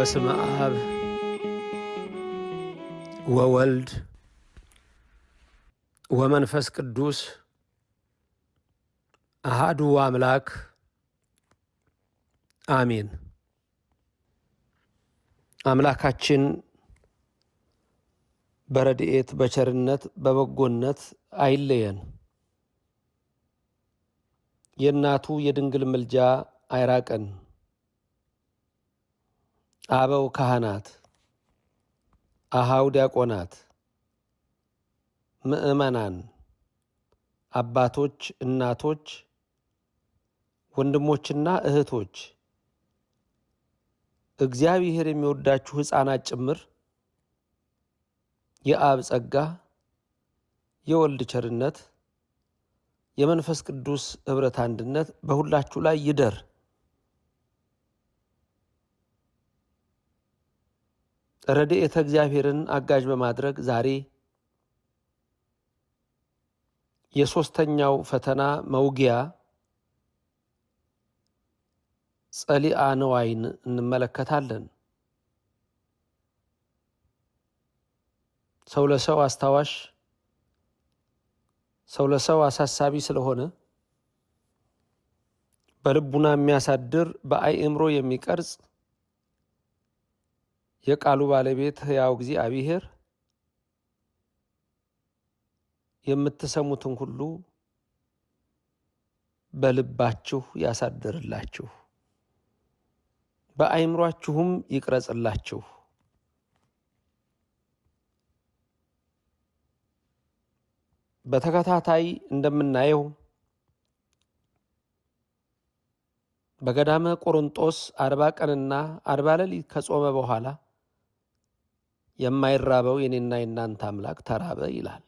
በስመ አብ ወወልድ ወመንፈስ ቅዱስ አሃዱ አምላክ አሜን። አምላካችን በረድኤት በቸርነት በበጎነት አይለየን። የእናቱ የድንግል ምልጃ አይራቀን። አበው ካህናት፣ አሃው ዲያቆናት፣ ምዕመናን፣ አባቶች፣ እናቶች፣ ወንድሞችና እህቶች እግዚአብሔር የሚወዳችሁ ሕፃናት ጭምር የአብ ጸጋ የወልድ ቸርነት የመንፈስ ቅዱስ ኅብረት አንድነት በሁላችሁ ላይ ይደር። ረድኤተ እግዚአብሔርን አጋዥ በማድረግ ዛሬ የሦስተኛው ፈተና መውጊያ ጸሊአ ንዋይን እንመለከታለን። ሰው ለሰው አስታዋሽ፣ ሰው ለሰው አሳሳቢ ስለሆነ በልቡና የሚያሳድር በአእምሮ የሚቀርጽ የቃሉ ባለቤት ሕያው እግዚአብሔር የምትሰሙትን ሁሉ በልባችሁ ያሳድርላችሁ፣ በአይምሯችሁም ይቅረጽላችሁ። በተከታታይ እንደምናየው በገዳመ ቆሮንጦስ አርባ ቀንና አርባ ሌሊት ከጾመ በኋላ የማይራበው የኔና የናንተ አምላክ ተራበ ይላል።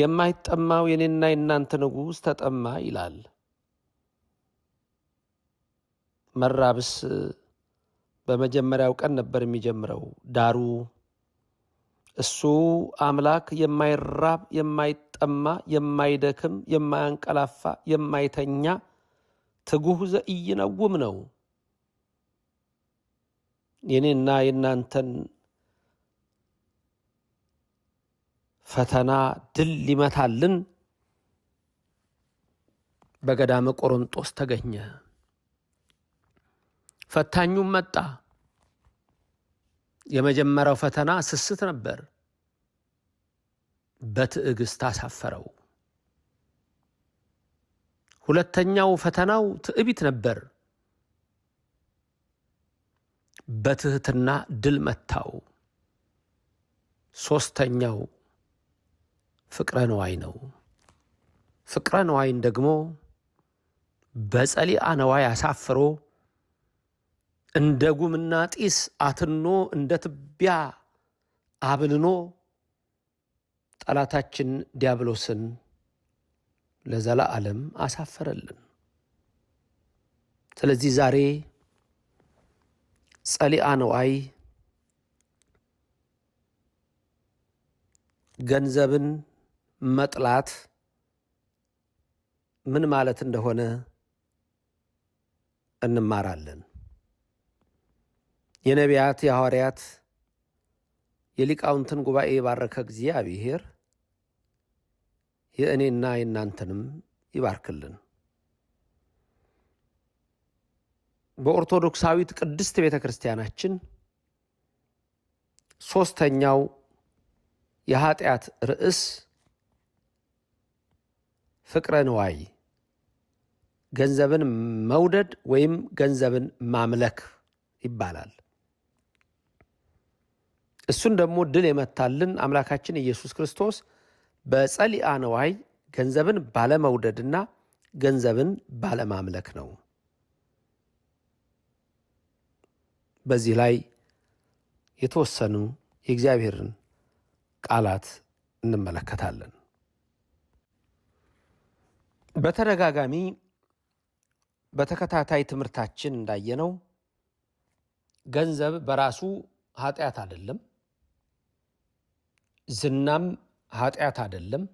የማይጠማው የኔና የናንተ ንጉሥ ተጠማ ይላል። መራብስ በመጀመሪያው ቀን ነበር የሚጀምረው። ዳሩ እሱ አምላክ የማይራብ የማይጠማ የማይደክም የማያንቀላፋ የማይተኛ ትጉህ ዘኢይነውም ነው። የኔና የእናንተን ፈተና ድል ሊመታልን በገዳመ ቆሮንጦስ ተገኘ። ፈታኙም መጣ። የመጀመሪያው ፈተና ስስት ነበር። በትዕግስት አሳፈረው። ሁለተኛው ፈተናው ትዕቢት ነበር። በትህትና ድል መታው። ሦስተኛው ፍቅረ ነዋይ ነው። ፍቅረ ነዋይን ደግሞ በጸሊአ ነዋይ አሳፍሮ እንደ ጉምና ጢስ አትኖ እንደ ትቢያ አብልኖ ጠላታችን ዲያብሎስን ለዘላ ዓለም አሳፈረልን። ስለዚህ ዛሬ ጸሊኣ ነዋይ ገንዘብን መጥላት ምን ማለት እንደሆነ እንማራለን። የነቢያት የሐዋርያት የሊቃውንትን ጉባኤ የባረከ እግዚአብሔር የእኔና የእናንተንም ይባርክልን። በኦርቶዶክሳዊት ቅድስት ቤተ ክርስቲያናችን ሦስተኛው የኃጢአት ርዕስ ፍቅረ ንዋይ ገንዘብን መውደድ ወይም ገንዘብን ማምለክ ይባላል። እሱን ደግሞ ድል የመታልን አምላካችን ኢየሱስ ክርስቶስ በጸሊአ ንዋይ ገንዘብን ባለመውደድና ገንዘብን ባለማምለክ ነው። በዚህ ላይ የተወሰኑ የእግዚአብሔርን ቃላት እንመለከታለን። በተደጋጋሚ በተከታታይ ትምህርታችን እንዳየነው ገንዘብ በራሱ ኃጢአት አይደለም። ዝናም ኃጢአት አይደለም።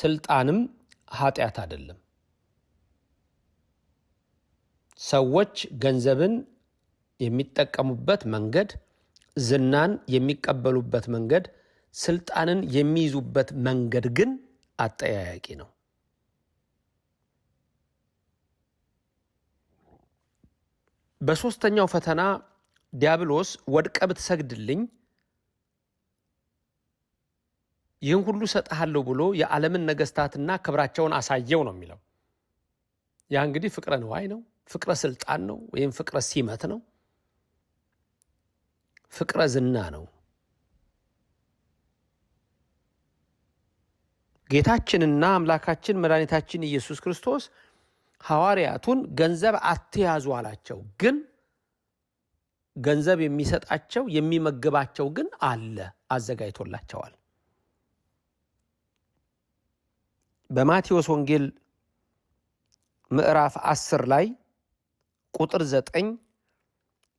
ስልጣንም ኃጢአት አይደለም። ሰዎች ገንዘብን የሚጠቀሙበት መንገድ፣ ዝናን የሚቀበሉበት መንገድ፣ ስልጣንን የሚይዙበት መንገድ ግን አጠያያቂ ነው። በሦስተኛው ፈተና ዲያብሎስ ወድቀ ብትሰግድልኝ ይህን ሁሉ ሰጠሃለሁ ብሎ የዓለምን ነገስታትና ክብራቸውን አሳየው ነው የሚለው። ያ እንግዲህ ፍቅረ ንዋይ ነው፣ ፍቅረ ስልጣን ነው፣ ወይም ፍቅረ ሲመት ነው። ፍቅረ ዝና ነው። ጌታችንና አምላካችን መድኃኒታችን ኢየሱስ ክርስቶስ ሐዋርያቱን ገንዘብ አትያዙ አላቸው። ግን ገንዘብ የሚሰጣቸው የሚመግባቸው ግን አለ፣ አዘጋጅቶላቸዋል። በማቴዎስ ወንጌል ምዕራፍ 10 ላይ ቁጥር 9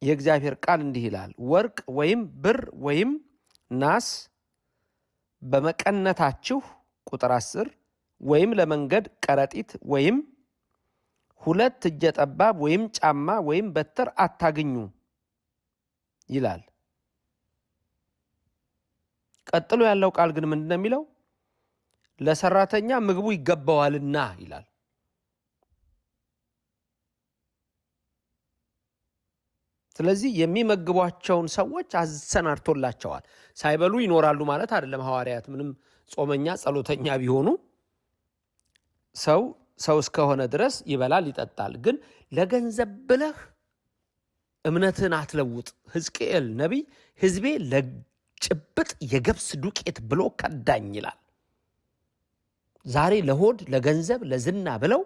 የእግዚአብሔር ቃል እንዲህ ይላል፣ ወርቅ ወይም ብር ወይም ናስ በመቀነታችሁ ቁጥር አስር ወይም ለመንገድ ከረጢት ወይም ሁለት እጀ ጠባብ ወይም ጫማ ወይም በትር አታግኙ ይላል። ቀጥሎ ያለው ቃል ግን ምንድን ነው የሚለው? ለሰራተኛ ምግቡ ይገባዋልና ይላል። ስለዚህ የሚመግቧቸውን ሰዎች አሰናድቶላቸዋል። ሳይበሉ ይኖራሉ ማለት አይደለም። ሐዋርያት ምንም ጾመኛ ጸሎተኛ ቢሆኑ ሰው ሰው እስከሆነ ድረስ ይበላል፣ ይጠጣል። ግን ለገንዘብ ብለህ እምነትን አትለውጥ። ሕዝቅኤል ነቢይ ሕዝቤ ለጭብጥ የገብስ ዱቄት ብሎ ከዳኝ ይላል። ዛሬ ለሆድ ለገንዘብ ለዝና ብለው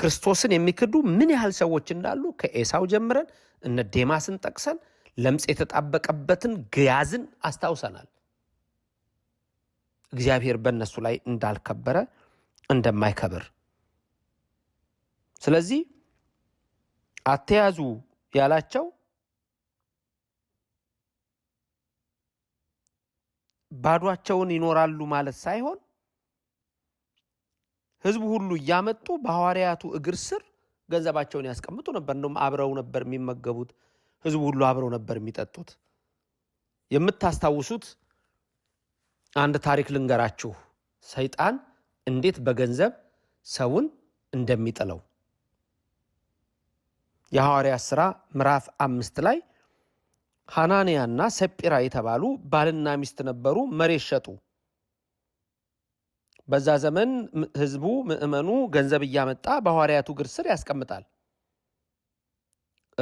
ክርስቶስን የሚክዱ ምን ያህል ሰዎች እንዳሉ ከኤሳው ጀምረን እነ ዴማስን ጠቅሰን ለምጽ የተጣበቀበትን ግያዝን አስታውሰናል። እግዚአብሔር በእነሱ ላይ እንዳልከበረ እንደማይከብር ስለዚህ አተያዙ ያላቸው ባዷቸውን ይኖራሉ ማለት ሳይሆን ህዝቡ ሁሉ እያመጡ በሐዋርያቱ እግር ስር ገንዘባቸውን ያስቀምጡ ነበር። እንደውም አብረው ነበር የሚመገቡት። ህዝቡ ሁሉ አብረው ነበር የሚጠጡት። የምታስታውሱት አንድ ታሪክ ልንገራችሁ። ሰይጣን እንዴት በገንዘብ ሰውን እንደሚጥለው የሐዋርያ ሥራ ምዕራፍ አምስት ላይ ሐናንያና ሰጲራ የተባሉ ባልና ሚስት ነበሩ። መሬት ሸጡ። በዛ ዘመን ህዝቡ ምዕመኑ ገንዘብ እያመጣ በሐዋርያቱ እግር ስር ያስቀምጣል።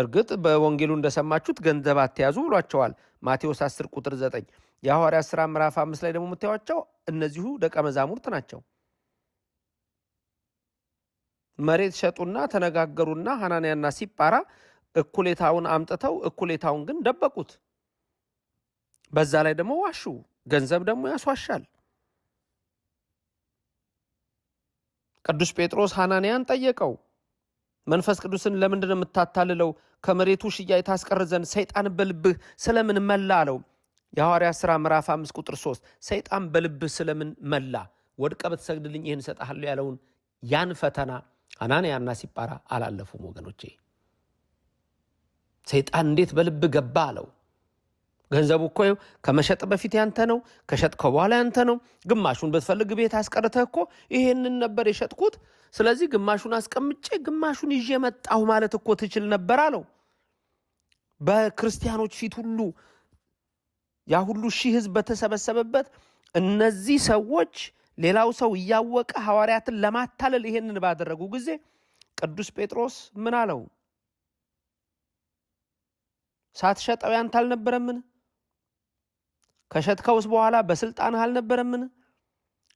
እርግጥ በወንጌሉ እንደሰማችሁት ገንዘብ አትያዙ ብሏቸዋል። ማቴዎስ 10 ቁጥር 9 የሐዋርያ ሥራ ምዕራፍ አምስት ላይ ደግሞ የምታዩቸው እነዚሁ ደቀ መዛሙርት ናቸው። መሬት ሸጡና ተነጋገሩና ሐናንያና ሲጳራ እኩሌታውን አምጥተው እኩሌታውን ግን ደበቁት። በዛ ላይ ደግሞ ዋሹ። ገንዘብ ደግሞ ያስዋሻል። ቅዱስ ጴጥሮስ ሐናንያን ጠየቀው። መንፈስ ቅዱስን ለምንድን የምታታልለው? ከመሬቱ ሽያይ ታስቀር ዘንድ ሰይጣን በልብህ ስለምን መላ አለው። የሐዋርያ ሥራ ምዕራፍ 5 ቁጥር 3 ሰይጣን በልብህ ስለምን መላ፣ ወድቀ ብትሰግድልኝ ይህን እሰጥሃለሁ ያለውን ያን ፈተና ሐናንያና ሲጳራ አላለፉም ወገኖቼ። ሰይጣን እንዴት በልብ ገባ አለው። ገንዘቡ እኮ ከመሸጥ በፊት ያንተ ነው፣ ከሸጥከው በኋላ ያንተ ነው። ግማሹን ብትፈልግ ቤት አስቀርተህ እኮ ይሄንን ነበር የሸጥኩት፣ ስለዚህ ግማሹን አስቀምጬ ግማሹን ይዤ መጣሁ ማለት እኮ ትችል ነበር አለው። በክርስቲያኖች ፊት ሁሉ ያ ሁሉ ሺህ ሕዝብ በተሰበሰበበት እነዚህ ሰዎች ሌላው ሰው እያወቀ ሐዋርያትን ለማታለል ይሄንን ባደረጉ ጊዜ ቅዱስ ጴጥሮስ ምን አለው? ሳትሸጠው ያንተ አልነበረምን? ከሸጥከውስ በኋላ በስልጣንህ አልነበረምን?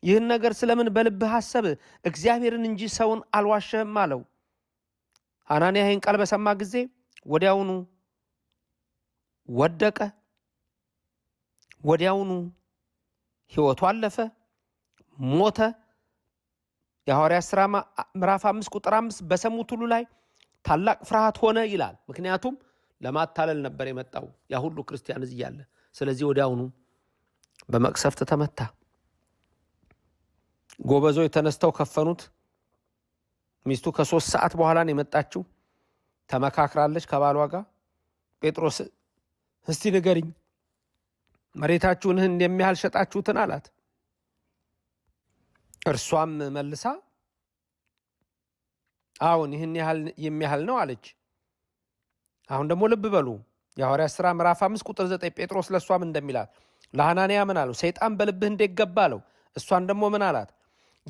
ይህን ነገር ስለምን በልብህ አሰብ? እግዚአብሔርን እንጂ ሰውን አልዋሸህም አለው። ሐናንያ ይህን ቃል በሰማ ጊዜ ወዲያውኑ ወደቀ፣ ወዲያውኑ ሕይወቱ አለፈ፣ ሞተ። የሐዋርያ ሥራ ምዕራፍ አምስት ቁጥር አምስት በሰሙት ሁሉ ላይ ታላቅ ፍርሃት ሆነ ይላል። ምክንያቱም ለማታለል ነበር የመጣው ያ ሁሉ ክርስቲያን ያለ። ስለዚህ ወዲያውኑ በመቅሰፍት ተመታ። ጎበዞች ተነስተው ከፈኑት። ሚስቱ ከሶስት ሰዓት በኋላ ነው የመጣችው። ተመካክራለች ከባሏ ጋር። ጴጥሮስ እስቲ ንገሪኝ መሬታችሁን ይህን የሚያህል ሸጣችሁትን አላት። እርሷም መልሳ አሁን ይህን ያህል የሚያህል ነው አለች። አሁን ደግሞ ልብ በሉ የሐዋርያት ሥራ ምዕራፍ አምስት ቁጥር ዘጠኝ ጴጥሮስ ለእሷም እንደሚላት ለሐናንያ ምን አለው? ሰይጣን በልብህ እንደገባ አለው። እሷን ደግሞ ምን አላት?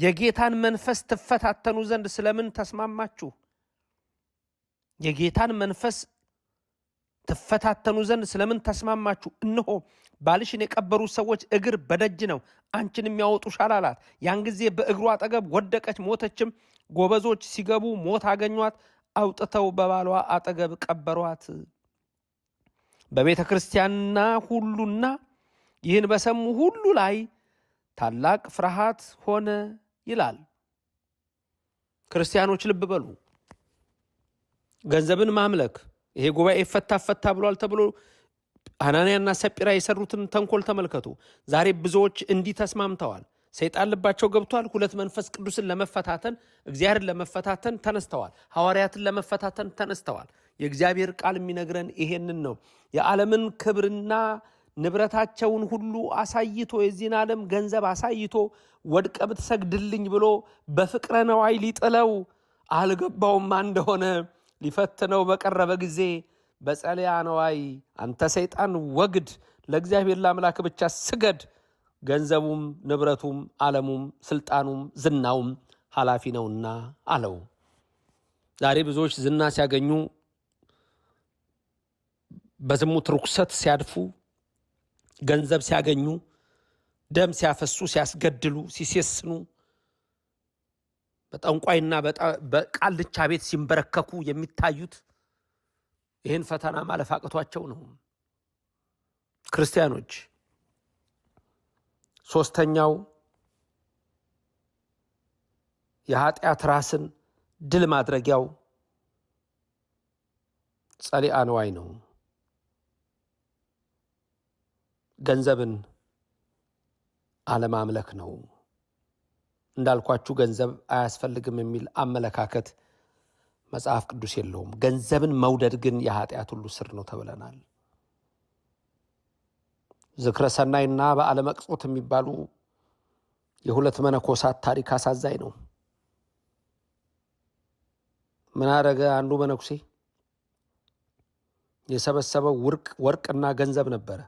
የጌታን መንፈስ ትፈታተኑ ዘንድ ስለምን ተስማማችሁ? የጌታን መንፈስ ትፈታተኑ ዘንድ ስለምን ተስማማችሁ? እነሆ ባልሽን የቀበሩ ሰዎች እግር በደጅ ነው፣ አንቺን የሚያወጡሻል አላት። ያን ጊዜ በእግሩ አጠገብ ወደቀች፣ ሞተችም። ጎበዞች ሲገቡ ሞት አገኟት፣ አውጥተው በባሏ አጠገብ ቀበሯት። በቤተ ክርስቲያንና ሁሉና ይህን በሰሙ ሁሉ ላይ ታላቅ ፍርሃት ሆነ ይላል። ክርስቲያኖች ልብ በሉ። ገንዘብን ማምለክ ይሄ ጉባኤ ፈታ ፈታ ብሏል ተብሎ አናንያና ሰጲራ የሰሩትን ተንኮል ተመልከቱ። ዛሬ ብዙዎች እንዲህ ተስማምተዋል። ሰይጣን ልባቸው ገብቷል። ሁለት መንፈስ ቅዱስን ለመፈታተን እግዚአብሔርን ለመፈታተን ተነስተዋል። ሐዋርያትን ለመፈታተን ተነስተዋል። የእግዚአብሔር ቃል የሚነግረን ይሄንን ነው። የዓለምን ክብርና ንብረታቸውን ሁሉ አሳይቶ የዚህን ዓለም ገንዘብ አሳይቶ ወድቀ ብትሰግድልኝ ብሎ በፍቅረ ነዋይ ሊጥለው አልገባውማ እንደሆነ ሊፈትነው በቀረበ ጊዜ በጸለያ ነዋይ አንተ ሰይጣን ወግድ፣ ለእግዚአብሔር ለአምላክ ብቻ ስገድ፣ ገንዘቡም ንብረቱም ዓለሙም ስልጣኑም ዝናውም ኃላፊ ነውና አለው። ዛሬ ብዙዎች ዝና ሲያገኙ በዝሙት ርኩሰት ሲያድፉ ገንዘብ ሲያገኙ ደም ሲያፈሱ፣ ሲያስገድሉ፣ ሲሴስኑ፣ በጠንቋይና በቃልቻ ቤት ሲንበረከኩ የሚታዩት ይህን ፈተና ማለፍ አቅቷቸው ነው። ክርስቲያኖች ሶስተኛው የኃጢአት ራስን ድል ማድረጊያው ጸሊአን ዋይ ነው። ገንዘብን አለማምለክ ነው። እንዳልኳችሁ ገንዘብ አያስፈልግም የሚል አመለካከት መጽሐፍ ቅዱስ የለውም። ገንዘብን መውደድ ግን የኃጢአት ሁሉ ስር ነው ተብለናል። ዝክረ ሰናይና በዓለ መቅጾት የሚባሉ የሁለት መነኮሳት ታሪክ አሳዛኝ ነው። ምን አደረገ? አንዱ መነኩሴ የሰበሰበው ወርቅና ገንዘብ ነበረ።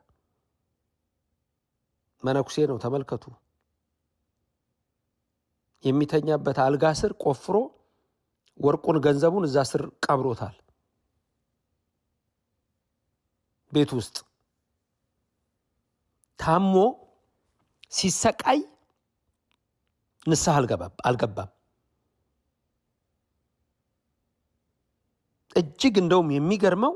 መነኩሴ ነው። ተመልከቱ። የሚተኛበት አልጋ ስር ቆፍሮ ወርቁን ገንዘቡን እዛ ስር ቀብሮታል። ቤት ውስጥ ታሞ ሲሰቃይ ንስሐ አልገባም። እጅግ እንደውም የሚገርመው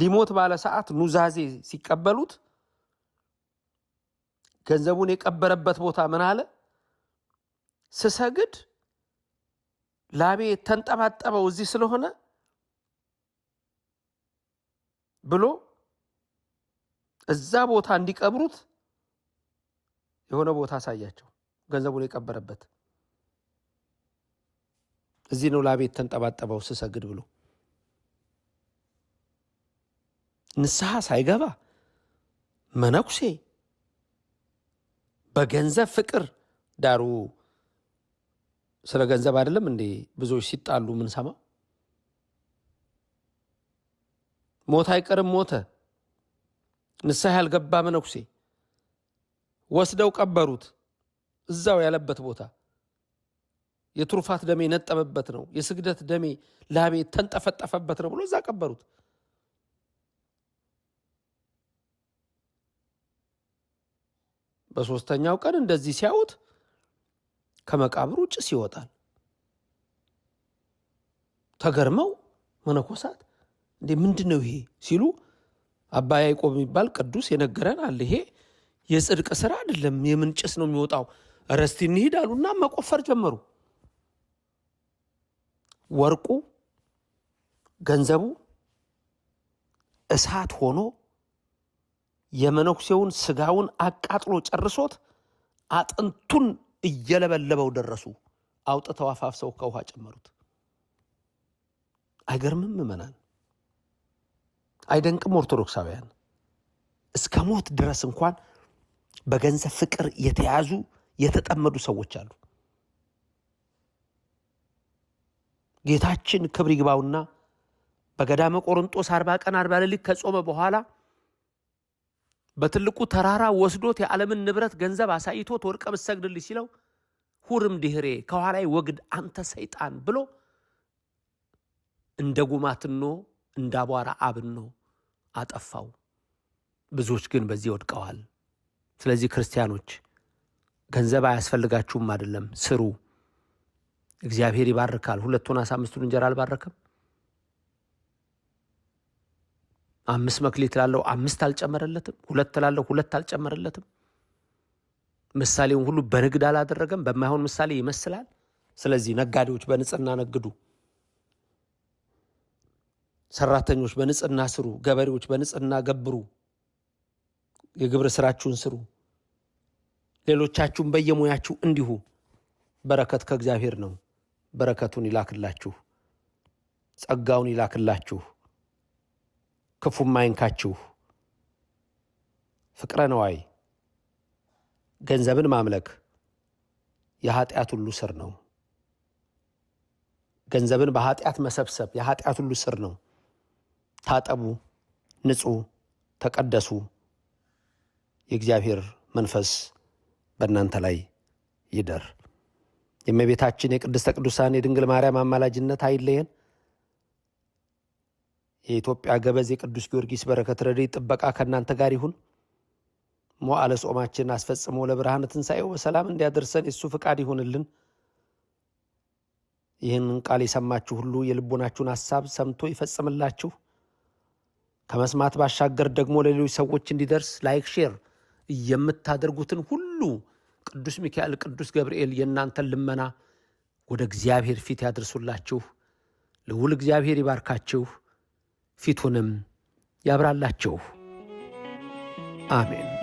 ሊሞት ባለ ሰዓት ኑዛዜ ሲቀበሉት ገንዘቡን የቀበረበት ቦታ ምን አለ? ስሰግድ ላቤ የተንጠባጠበው እዚህ ስለሆነ ብሎ እዛ ቦታ እንዲቀብሩት የሆነ ቦታ አሳያቸው። ገንዘቡን የቀበረበት እዚህ ነው ላቤ የተንጠባጠበው ስሰግድ ብሎ ንስሐ ሳይገባ መነኩሴ በገንዘብ ፍቅር ዳሩ ስለ ገንዘብ አይደለም እንዴ ብዙዎች ሲጣሉ ምንሰማ? ሞት አይቀርም ሞተ። ንስሐ ያልገባ መነኩሴ ወስደው ቀበሩት። እዛው ያለበት ቦታ የትሩፋት ደሜ ነጠበበት ነው፣ የስግደት ደሜ ላቤ ተንጠፈጠፈበት ነው ብሎ እዛ ቀበሩት። በሶስተኛው ቀን እንደዚህ ሲያዩት ከመቃብሩ ጭስ ይወጣል። ተገርመው መነኮሳት እንዴ ምንድን ነው ይሄ ሲሉ አባ ያዕቆብ የሚባል ቅዱስ የነገረን አለ። ይሄ የጽድቅ ስራ አይደለም፣ የምን ጭስ ነው የሚወጣው? ረስቲ እንሂድ አሉና መቆፈር ጀመሩ። ወርቁ ገንዘቡ እሳት ሆኖ የመነኩሴውን ስጋውን አቃጥሎ ጨርሶት አጥንቱን እየለበለበው ደረሱ። አውጥተው አፋፍሰው ከውሃ ጨመሩት። አይገርምም? ምእመናን አይደንቅም? ኦርቶዶክሳውያን እስከ ሞት ድረስ እንኳን በገንዘብ ፍቅር የተያዙ የተጠመዱ ሰዎች አሉ። ጌታችን ክብር ይግባውና በገዳመ ቆሮንጦስ አርባ ቀን አርባ ሌሊት ከጾመ በኋላ በትልቁ ተራራ ወስዶት የዓለምን ንብረት ገንዘብ አሳይቶት ወርቀ ብሰግድልህ ሲለው ሁርም ድህሬ ከኋላይ ወግድ አንተ ሰይጣን ብሎ እንደ ጉማትኖ እንደ አቧራ አብኖ አጠፋው። ብዙዎች ግን በዚህ ወድቀዋል። ስለዚህ ክርስቲያኖች ገንዘብ አያስፈልጋችሁም አይደለም፣ ስሩ። እግዚአብሔር ይባርካል። ሁለቱን አሳ አምስቱን እንጀራ አልባረከም? አምስት መክሊት ላለው አምስት አልጨመረለትም። ሁለት ላለው ሁለት አልጨመረለትም። ምሳሌውን ሁሉ በንግድ አላደረገም። በማይሆን ምሳሌ ይመስላል። ስለዚህ ነጋዴዎች በንጽህና ነግዱ፣ ሰራተኞች በንጽህና ስሩ፣ ገበሬዎች በንጽህና ገብሩ፣ የግብር ስራችሁን ስሩ። ሌሎቻችሁም በየሙያችሁ እንዲሁ። በረከት ከእግዚአብሔር ነው። በረከቱን ይላክላችሁ፣ ጸጋውን ይላክላችሁ። ክፉ ማይንካችሁ ፍቅረ ነዋይ ገንዘብን ማምለክ የኃጢአት ሁሉ ስር ነው። ገንዘብን በኃጢአት መሰብሰብ የኃጢአት ሁሉ ስር ነው። ታጠቡ፣ ንጹ፣ ተቀደሱ፣ የእግዚአብሔር መንፈስ በእናንተ ላይ ይደር። የእመቤታችን የቅድስተ ቅዱሳን የድንግል ማርያም አማላጅነት አይለየን። የኢትዮጵያ ገበዝ የቅዱስ ጊዮርጊስ በረከት ረድኤት ጥበቃ ከእናንተ ጋር ይሁን። ሞዓለ ጾማችን አስፈጽሞ ለብርሃነ ትንሣኤው በሰላም እንዲያደርሰን የእሱ ፍቃድ ይሁንልን። ይህንን ቃል የሰማችሁ ሁሉ የልቦናችሁን ሐሳብ ሰምቶ ይፈጽምላችሁ። ከመስማት ባሻገር ደግሞ ለሌሎች ሰዎች እንዲደርስ ላይክ፣ ሼር የምታደርጉትን ሁሉ ቅዱስ ሚካኤል፣ ቅዱስ ገብርኤል የእናንተን ልመና ወደ እግዚአብሔር ፊት ያደርሱላችሁ። ልውል እግዚአብሔር ይባርካችሁ። ፊቱንም ያብራላችሁ። አሜን።